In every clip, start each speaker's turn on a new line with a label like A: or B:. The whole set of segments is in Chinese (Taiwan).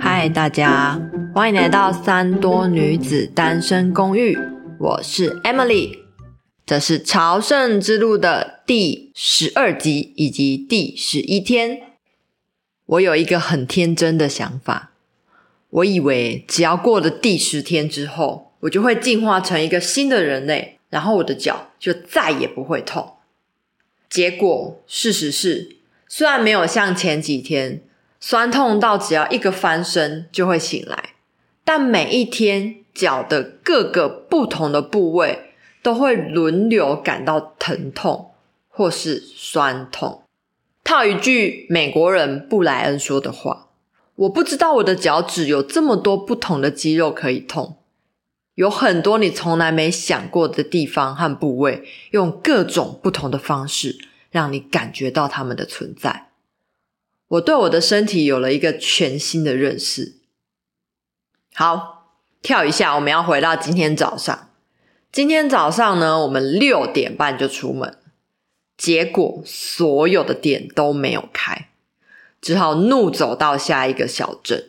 A: 嗨，Hi, 大家，歡迎來到三多女子單身公寓。我是 Emily，這是朝聖之路的第十二集以及第十一天。我有一個很天真的想法，我以為只要過了第十天之後，我就會進化成一個新的人類，然後我的腳就再也不會痛。結果事實是，雖然沒有像前幾天酸痛到只要一個翻身就會醒來，但每一天腳的各個不同的部位都會輪流感到疼痛或是酸痛。套一句美國人布萊恩說的話：“我不知道我的腳趾有這麼多不同的肌肉可以痛。”有很多你從來沒想過的地方和部位，用各種不同的方式讓你感覺到他們的存在。我對我的身體有了一個全新的認識。好，跳一下，我們要回到今天早上。今天早上呢，我們六點半就出門，結果所有的店都沒有開，只好怒走到下一個小鎮。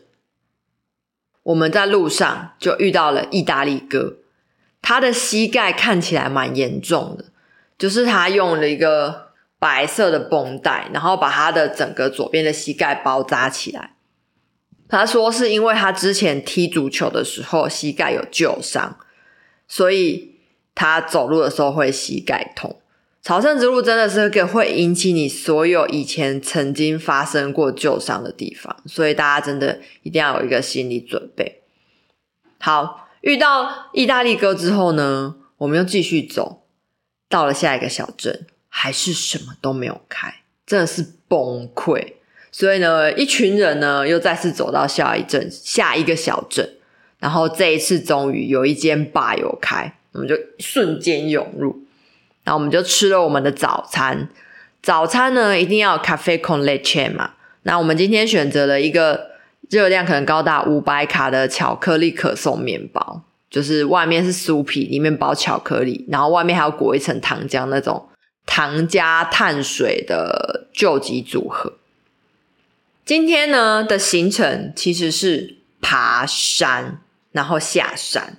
A: 我們在路上就遇到了意大利哥，他的膝蓋看起來蠻嚴重的，就是他用了一個白色的繃帶，然後把他的整個左邊的膝蓋包紮起來。他說是因為他之前踢足球的時候膝蓋有舊傷，所以他走路的時候會膝蓋痛。朝聖之路真的是個會引起你所有以前曾經發生過舊傷的地方，所以大家真的一定要有一個心理準備。好，遇到意大利哥之後呢，我們又繼續走，到了下一個小鎮，還是什麼都沒有開，真的是崩潰。所以呢，一群人呢又再次走到下一鎮，下一個小鎮，然後這一次終於有一間吧有開，我們就瞬間湧入。然後我們就吃了我們的早餐，早餐呢一定要有咖啡 con leche 嘛。那我們今天選擇了一個熱量可能高達五百卡的巧克力可頌麵包，就是外面是酥皮，裡面包巧克力，然後外面還要裹一層糖漿那種糖加碳水的救急組合。今天呢的行程其實是爬山然後下山，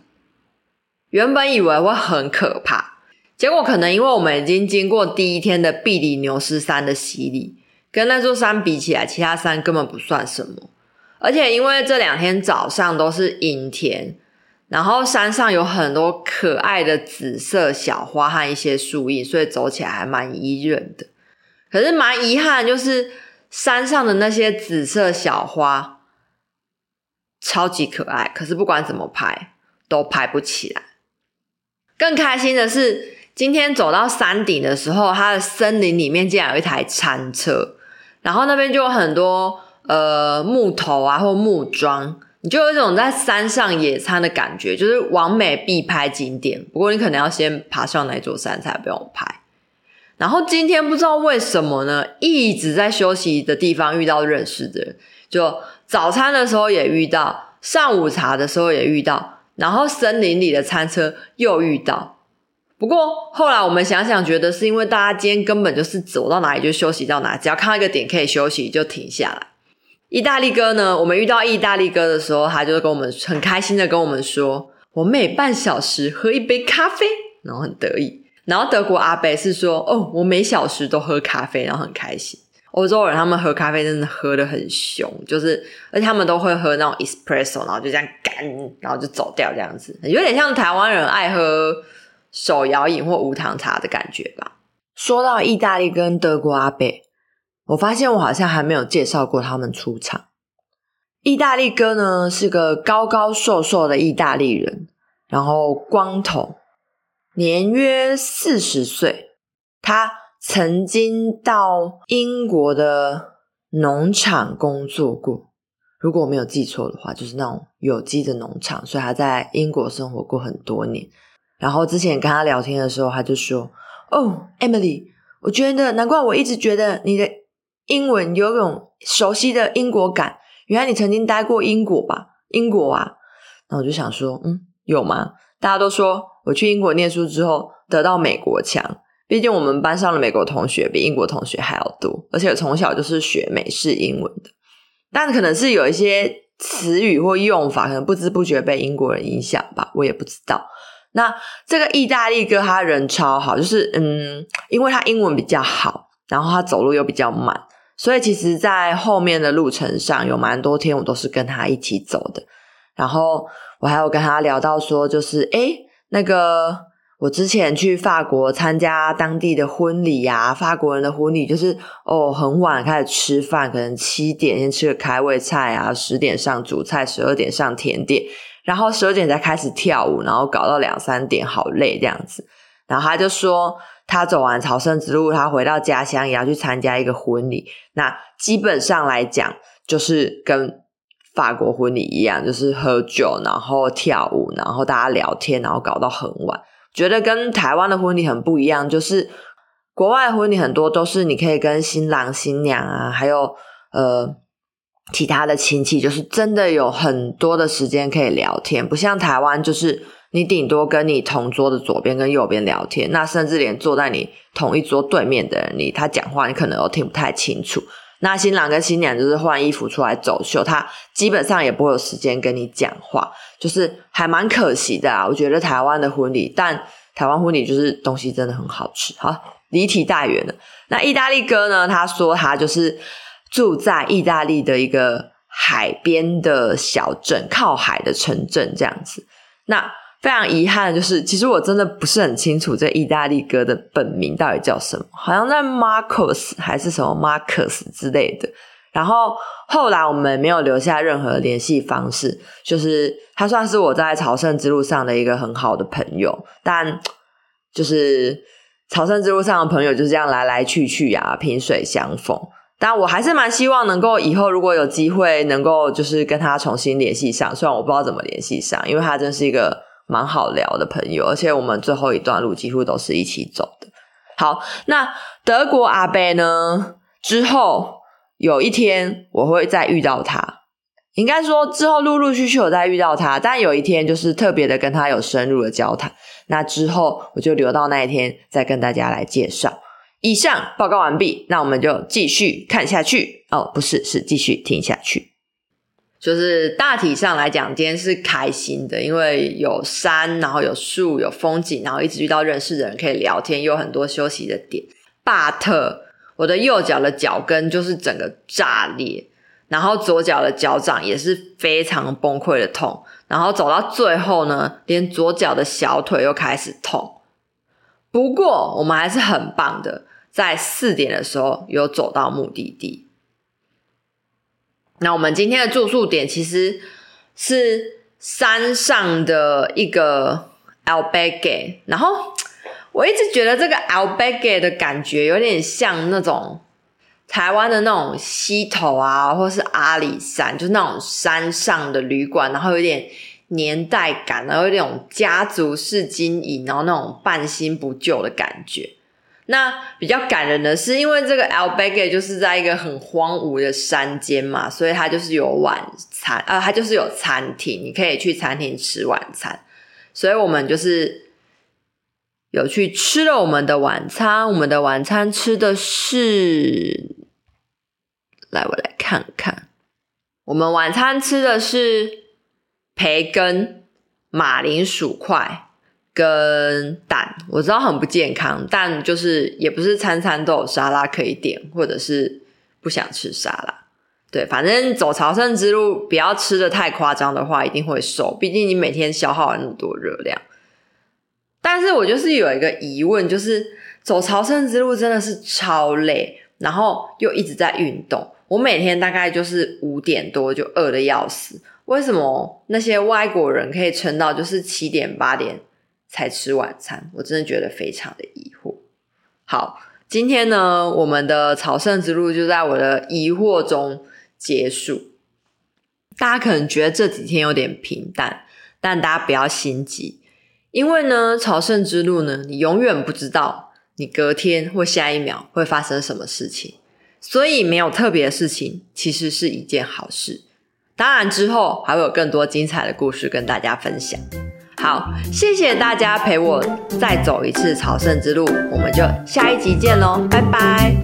A: 原本以為會很可怕。結果可能因為我們已經經過第一天的庇里牛斯山的洗禮，跟那座山比起來，其他山根本不算什麼。而且因為這兩天早上都是陰天，然後山上有很多可愛的紫色小花和一些樹葉，所以走起來還蠻宜人的。可是蠻遺憾的，就是山上的那些紫色小花超級可愛，可是不管怎麼拍都拍不起來。更開心的是。今天走到山頂的時候，它的森林裡面竟然有一台餐車，然後那邊就有很多呃木頭啊或木樁，你就有一種在山上野餐的感覺，就是完美必拍景點。不過你可能要先爬上那座山才不用拍。然後今天不知道為什麼呢，一直在休息的地方遇到認識的人，就早餐的時候也遇到，上午茶的時候也遇到，然後森林裡的餐車又遇到。不過後來我們想想，覺得是因為大家今天根本就是走到哪裡就休息到哪，只要看到一個點可以休息就停下來。意大利哥呢，我們遇到意大利哥的時候，他就跟我們很開心的跟我們說：“我每半小時喝一杯咖啡。”然後很得意。然後德國阿貝是說：“哦，我每小時都喝咖啡。”然後很開心。歐洲人他們喝咖啡真的喝得很凶，就是而且他們都會喝那種 espresso，然後就這樣乾，然後就走掉這樣子，有點像臺灣人愛喝。手搖飲或無糖茶的感覺吧。說到意大利跟德國阿伯，我發現我好像還沒有介紹過他們出場。意大利哥呢，是個高高瘦瘦的意大利人，然後光頭，年約四十歲。他曾經到英國的農場工作過，如果我沒有記錯的話，就是那種有機的農場，所以他在英國生活過很多年。然後之前跟他聊天的時候，他就說：“哦，Emily，我覺得難怪我一直覺得你的英文有種熟悉的英國感，原來你曾經待過英國吧？英國啊？然後我就想說，嗯，有嗎？大家都說我去英國念書之後得到美國腔，畢竟我們班上的美國同學比英國同學還要多，而且我從小就是學美式英文的。但可能是有一些詞語或用法，可能不知不覺被英國人影響吧，我也不知道。”那這個意大利哥他人超好，就是嗯，因為他英文比較好，然後他走路又比較慢，所以其實，在後面的路程上有蠻多天我都是跟他一起走的。然後我還有跟他聊到說，就是誒、欸、那個我之前去法國參加當地的婚禮呀，啊，法國人的婚禮就是哦，很晚開始吃飯，可能七點先吃個開胃菜啊，十點上主菜，十二點上甜點。然後十二點才開始跳舞，然後搞到兩三點，好累這樣子。然後他就說，他走完朝聖之路，他回到家鄉也要去參加一個婚禮。那基本上來講，就是跟法國婚禮一樣，就是喝酒，然後跳舞，然後大家聊天，然後搞到很晚。覺得跟台灣的婚禮很不一樣，就是國外婚禮很多都是你可以跟新郎新娘啊，還有，呃。其他的親戚就是真的有很多的時間可以聊天，不像台灣，就是你頂多跟你同桌的左邊跟右邊聊天，那甚至連坐在你同一桌對面的人，你他講話你可能都聽不太清楚。那新郎跟新娘就是換衣服出來走秀，他基本上也不會有時間跟你講話，就是還蠻可惜的啊。我覺得台灣的婚禮，但台灣婚禮就是東西真的很好吃。好，離題太遠了。那意大利哥呢？他說他就是，住在意大利的一個海邊的小鎮，靠海的城鎮這樣子。那非常遺憾的就是，其實我真的不是很清楚這意大利哥的本名到底叫什麼，好像叫 Marcus 還是什麼 Marcus 之類的。然後後來我們沒有留下任何聯繫方式，就是他算是我在朝聖之路上的一個很好的朋友，但就是朝聖之路上的朋友就是這樣來來去去呀、啊，萍水相逢。但我還是蠻希望能夠以後如果有機會能夠就是跟他重新聯繫上，雖然我不知道怎麼聯繫上，因為他真是一個蠻好聊的朋友，而且我們最後一段路幾乎都是一起走的。好，那德國阿伯呢？之後有一天我會再遇到他，應該說之後陸陸續續有再遇到他，但有一天就是特別的跟他有深入的交談。那之後我就留到那一天再跟大家來介紹。以上報告完畢，那我們就繼續看下去。哦，不是，是繼續聽下去。就是大體上來講，今天是開心的，因為有山，然後有樹，有風景，然後一直遇到認識的人可以聊天，有很多休息的點。but 我的右腳的腳跟就是整個炸裂，然後左腳的腳掌也是非常崩潰的痛，然後走到最後呢，連左腳的小腿又開始痛。不過我們還是很棒的，在四點的時候有走到目的地。那我們今天的住宿點其實是山上的一個 Albergue，然後我一直覺得這個 Albergue 的感覺有點像那種台灣的那種溪頭啊，或是阿里山，就是那種山上的旅館，然後有點。年代感，然後那種家族式經營，然後那種半新不舊的感覺。那比較感人的是，因為這個 Albergue 就是在一個很荒蕪的山間嘛，所以它就是有晚餐，呃，它就是有餐廳，你可以去餐廳吃晚餐。所以我們就是有去吃了我們的晚餐，我們的晚餐吃的是，來，我來看看，我們晚餐吃的是。培根、馬鈴薯塊跟蛋，我知道很不健康，但就是也不是餐餐都有沙拉可以點，或者是不想吃沙拉。對，反正走朝聖之路，不要吃的太誇張的話，一定會瘦，畢竟你每天消耗了那麼多熱量。但是我就是有一個疑問，就是走朝聖之路真的是超累，然後又一直在運動，我每天大概就是五點多就餓的要死。為什麼那些外國人可以撐到就是七點八點才吃晚餐？我真的覺得非常的疑惑。好，今天呢，我們的朝聖之路就在我的疑惑中結束。大家可能覺得這幾天有點平淡，但大家不要心急，因為呢，朝聖之路呢，你永遠不知道你隔天或下一秒會發生什麼事情。所以沒有特別的事情，其實是一件好事。當然，之後還會有更多精彩的故事跟大家分享。好，謝謝大家陪我再走一次朝聖之路，我們就下一集見嘍，拜拜。